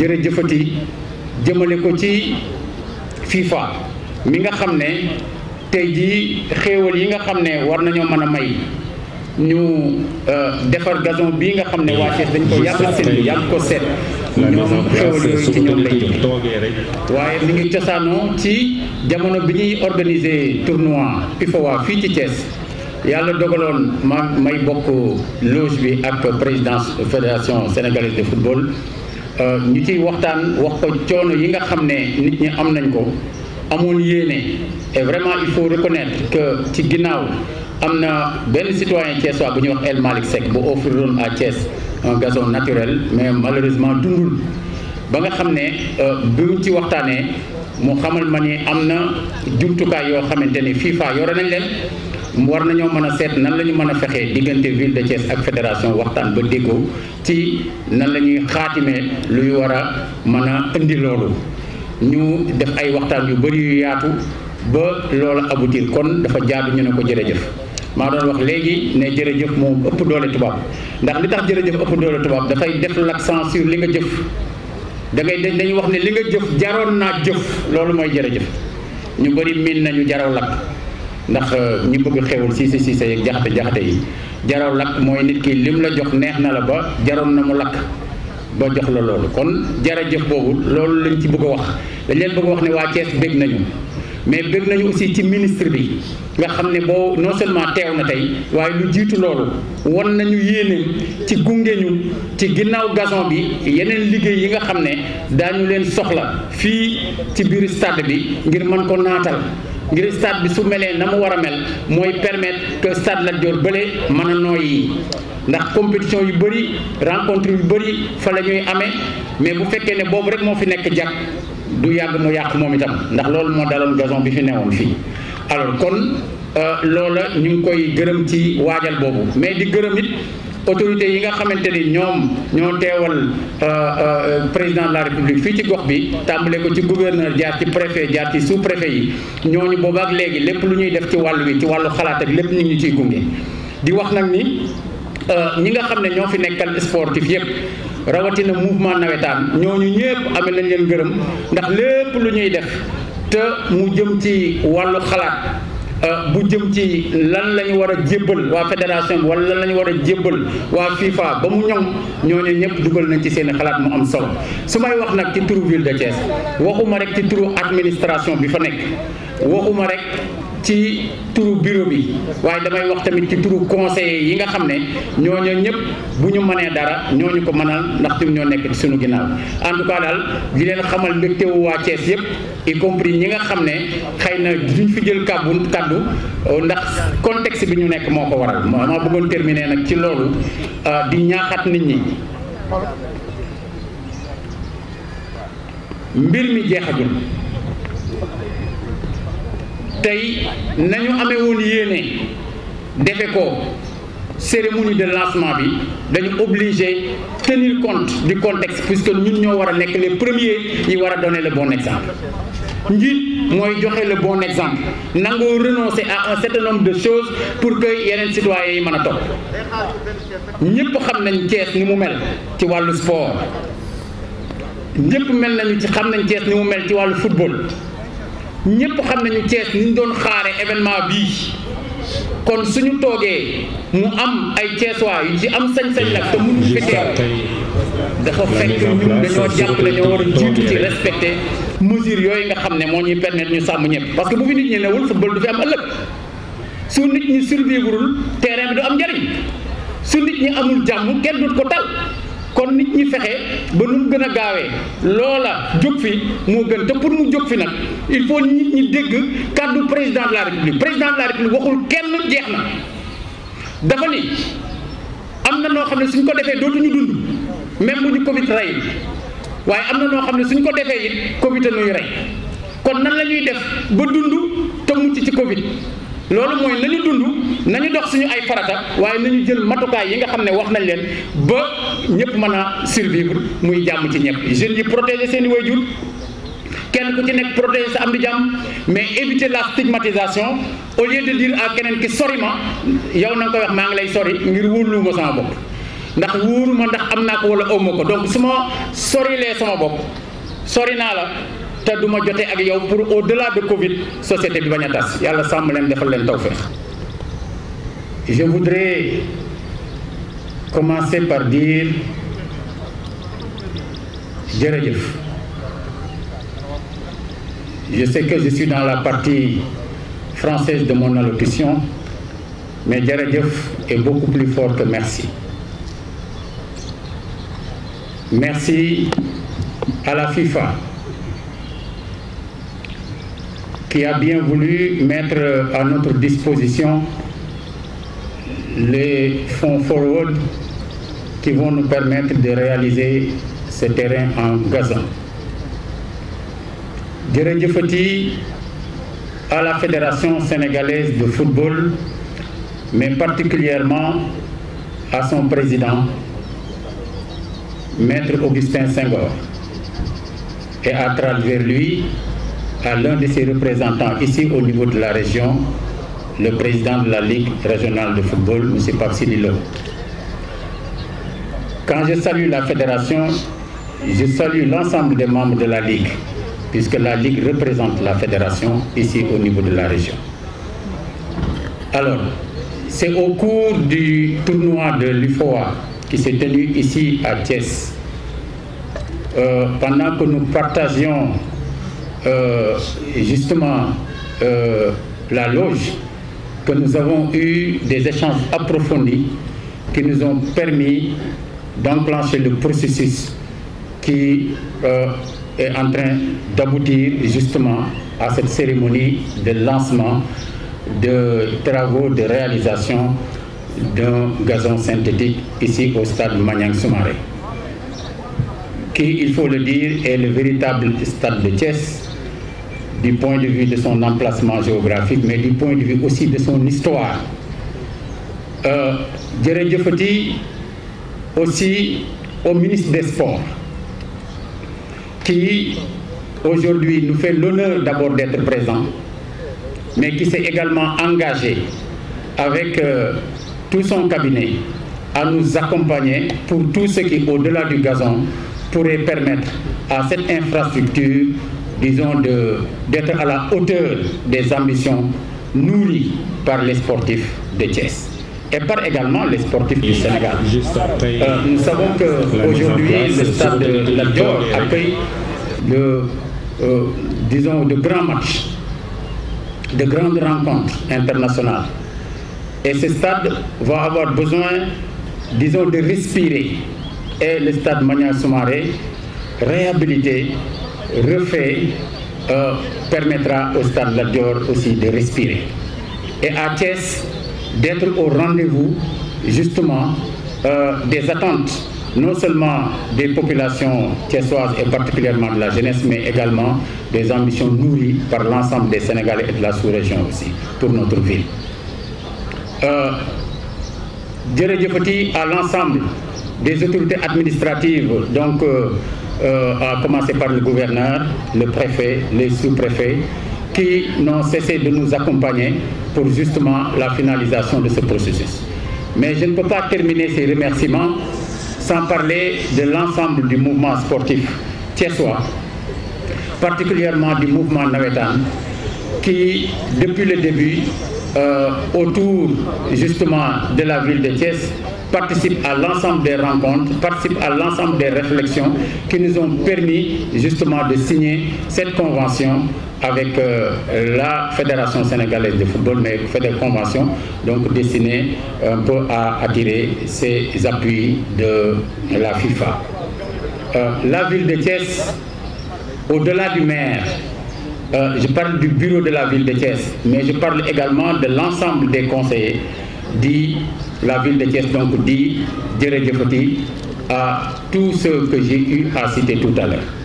jërëjëfati jëmale ko ci FIFA mi nga xam ne tey jii xéewal yi nga xam ne war nañoo mën a may ñu euh, defar gazon bii nga xam ne waa Thiès dañ ko yàgg seen yàgg ko seet ñoom xéewal yooyu ci ñoom lay waaye mi ngi cosaanoo ci jamono bi ñuy organiser tournoi UFOA fii ci Thiès yàlla dogaloon ma may bokk loge bi ak présidence fédération sénégalaise de football Euh, ñu ciy waxtaan wax ko coono yi nga xam ne nit ñi am nañ ko amoon yéene et vraiment il faut reconnaître que ci ginnaaw am na benn citoyen thiessois bu ñuy wax El Malick Seck bu offriroon à Thiès un gazon naturel mais malheureusement dundul ba nga xam ne euh, bi mu ci waxtaanee mu xamal ma ni am na jumtukaay yoo xamante ni FIFA yoo nañ leen war nañoo mën a seet nan la ñu mën a fexee diggante ville de Thiès ak fédération waxtaan ba déggoo ci nan la ñuy xaatimee luy war a mën a indi loolu ñu def ay waxtaan yu bëri yu yaatu ba loola aboutir kon dafa jaadu ñu ne ko jëf maa doon wax léegi ne jërëjëf moom ëpp doole tubaab ndax li tax jërëjëf ëpp doole tubaab dafay def l'accent sur li nga jëf da ngay dañuy wax ne li nga jëf jaroon naa jëf loolu mooy jërëjëf ñu bëri miin nañu jaraw la ndax euh, ñi bëgg xewul siise siise yeeg jaxte jaxte yi jaraw lakk mooy nit ki lim la jox neex na la ba jaroon na mu lakk ba jox la loolu kon jërëjëf boobu loolu lañ ci bëgg a wax dañ leen bëgg wax ne waa Thiès bég nañu mais bëgg nañu aussi ci ministre bi nga xam ne boo non seulement teew na tey waaye lu jiitu loolu won nañu yéene ci gunge ñu ci ginnaaw gazon bi yeneen liggéey yi nga xam ne daañu leen soxla fii ci biir stade bi ngir mën ko naatal ngir stade bi su melee na mu war a mel mooy permettre que stade Lat Dior bële mën a nooyi ndax compétition yu bëri rencontre yu bëri fa la ñuy amee mais bu fekkee ne boobu rek moo fi nekk jàpp du yàgg mu yàq moom itam ndax loolu moo daloon gazon bi fi newoon fii alors kon euh, loola ñu ngi koy gërëm ci waajal boobu mais di gërëm autorités yi nga xamante ni ñoom ñoo teewal euh, euh, président de la république fii ci gox bi tàmbale ko ci gouverneur jaar ci préfet jaar ci sous préfet yi ñooñu boobaak léegi lépp lu ñuy def ci wàll wi ci wàllu xalaat ak lépp ñu ngi ciy gunge di wax nag ni euh, ñi nga xam ne ñoo fi nekkal sportif yépp rawatina mouvement nawetaan ñooñu ñépp amee nañ leen gërëm ndax lépp lu ñuy def te mu jëm ci wàllu xalaat Euh, bu jëm ci lan la ñu war a jébbal waa fédération bi wala lan la ñu war a jébbal waa FIFA ba mu ñoŋ ñooñu ñëpp dugal nañ ci seen xalaat mu am solo su may wax nag ci turu ville de Thiès waxuma rek ci turu administration bi fa nekk waxuma rek. ci turu bureau bi waaye damay wax tamit ci turu conseiller yi nga xam ne ñoo ñooñu ñëpp bu ñu mënee dara ñu ko mënal ndax tim ñoo nekk ci suñu ginnaaw en tout cas daal di leen xamal mbégte wu waa Thiès yëpp y ñi nga xam ne xëy na duñ fi jël kàddu kàddu ndax contexte bi ñu nekk moo ko waral ma bëggoon terminer nag ci loolu euh, di ñaaxaat nit ñi mbir mi jeexagul tey nañu amee woon yéene defe ko cérémonie de lancement bi dañu obligé tenir compte du contexte puisque ñun ñoo war a nekk les premiers yi war a donner le bon exemple njiit mooy joxe le bon exemple nangoo renoncer à un certain nombre de choses pour que yeneen citoyens yi mën a topp ñëpp xam nañ Thiès ni mu mel ci wàllu sport ñëpp mel nañu ci xam nañ Thiès ni mu mel ci wàllu football ñëpp xam nañu Thiès ni ñu doon xaare événement bii kon suñu toogee mu am ay Thiessois yu ci am sañ-sañ nag te mënuñu fi teew dafa fekk ñun dañoo jàpp ne ñoo war a jiitu ci respecté mesure yooyu nga xam ne moo ñuy permettre ñu sàmm ñëpp parce que bu fi nit ñi newul football du fi am ëllëg su nit ñi survivrul terrain bi du am njëriñ su nit ñi amul jàmm kenn dut ko tal kon nit ñi fexe ba nu gën a gaawee loola jóg fi moo gën te pour mu jóg fi nag il faut nit ñi dégg kàddu président de la république président de la république waxul kenn jeex na dafa ni am na noo xam ne suñ ko defee dootuñu dund même mu ñu Covid rey waaye am na noo xam ne suñ ko defee it Covid a nuy rey kon nan la ñuy def ba dund te mucc ci Covid loolu mooy nañu dund nañu dox suñu ay farata waaye nañu jël matukaay yi nga xam ne wax nañ leen ba ñëpp mën a survivre muy jàmm ci ñëpp jeunes yi protéger seen i waajur kenn ku ci nekk protéger sa am di jàmm mais éviter la stigmatisation au lieu de dire à keneen ki sori ma yow na nga koy wax maa ngi lay sori ngir wóoluwuma sama bopp ndax wóoruma ndax am naa ko wala ëmma ko donc su ma sorilee sama bopp sori naa la te du ma jote ak yow pour au delà de Covid société bi bañ a tas yàlla sàmm leen defal leen tawfeex je voudrais commencer par dire jërëjëf je sais que je suis dans la partie française de mon allocution mais jërëjëf est beaucoup plus fort que merci merci à la FIFA qui a bien voulu mettre à notre disposition les fonds forward qui vont nous permettre de réaliser ce terrain en Gaza. Djerejefati à la Fédération sénégalaise de football, mais particulièrement à son président, Maître Augustin Senghor, et à travers lui, à l'un de ses représentants ici au niveau de la région, le président de la Ligue régionale de football, M. Papsililo. Quand je salue la fédération, je salue l'ensemble des membres de la Ligue, puisque la Ligue représente la fédération ici au niveau de la région. Alors, c'est au cours du tournoi de l'UFOA qui s'est tenu ici à Thiès, euh, pendant que nous partagions euh, justement euh, la loge que nous avons eu des échanges approfondis qui nous ont permis d'enclencher le processus qui euh, est en train d'aboutir justement à cette cérémonie de lancement de travaux de réalisation d'un gazon synthétique ici au stade Maniang Soumaré, qui, il faut le dire, est le véritable stade de Thiès du point de vue de son emplacement géographique mais du point de vue aussi de son histoire euh, jërëjëfati aussi au ministre des Sports qui aujourd'hui nous fait l'honneur d'abord d'être présent mais qui s'est également engagé avec euh, tout son cabinet à nous accompagner pour tout ce qui, au-delà du gazon, pourrait permettre à cette infrastructure disons, d'être à la hauteur des ambitions nourries par les sportifs de Thiès et par également les sportifs du Sénégal. Euh, nous savons qu'aujourd'hui, le stade de la Dior accueille de, euh, disons, de grands matchs, de grandes rencontres internationales. Et ce stade va avoir besoin, de respirer. Et le stade Mania Soumaré, réhabilité refait euh, permettra au stade Lat Dior de respirer. Et à Thiès, d'être au rendez-vous justement euh, des attentes non seulement des populations thiessoises et particulièrement de la jeunesse, mais également des ambitions nourries par l'ensemble des Sénégalais et de la sous-région aussi, pour notre ville. Euh, à l'ensemble des autorités administratives, euh, euh, à commencer par le gouverneur, le préfet, les sous-préfets, qui n'ont cessé de nous accompagner pour justement la finalisation de ce processus. Mais je ne peux pas terminer ces remerciements sans parler de l'ensemble du mouvement sportif thiessois, particulièrement du mouvement navetan qui, depuis le début, euh, autour justement de la ville de Thiès, participe à l'ensemble des rencontres, participe à l'ensemble des réflexions qui nous ont permis justement de signer cette convention avec euh, la Fédération sénégalaise de football, mais fait des conventions donc destinées un peu à attirer ces appuis de la FIFA. Euh, la ville de Thiès, au-delà du maire, euh, je parle du bureau de la ville de Thiès, mais je parle également de l'ensemble des conseillers dit la ville de Thiès, donc dit Djeredjefati, à tous ceux que j'ai eu à citer tout à l'heure.